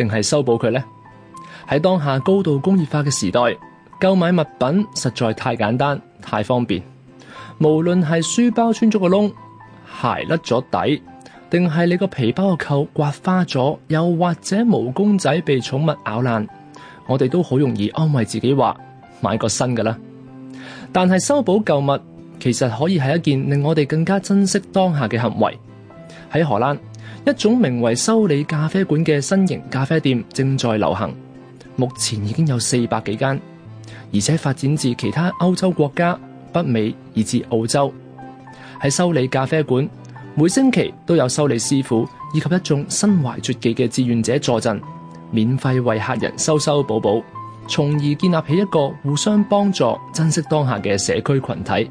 定係修補佢呢？喺當下高度工業化嘅時代，購買物品實在太簡單、太方便。無論係書包穿咗個窿、鞋甩咗底，定係你個皮包個扣刮花咗，又或者毛公仔被寵物咬爛，我哋都好容易安慰自己話買個新嘅啦。但係修補舊物，其實可以係一件令我哋更加珍惜當下嘅行為。喺荷蘭。一種名為修理咖啡館嘅新型咖啡店正在流行，目前已經有四百幾間，而且發展至其他歐洲國家、北美以至澳洲。喺修理咖啡館，每星期都有修理師傅以及一眾身懷絕技嘅志願者坐鎮，免費為客人修修補補，從而建立起一個互相幫助、珍惜當下嘅社區群體。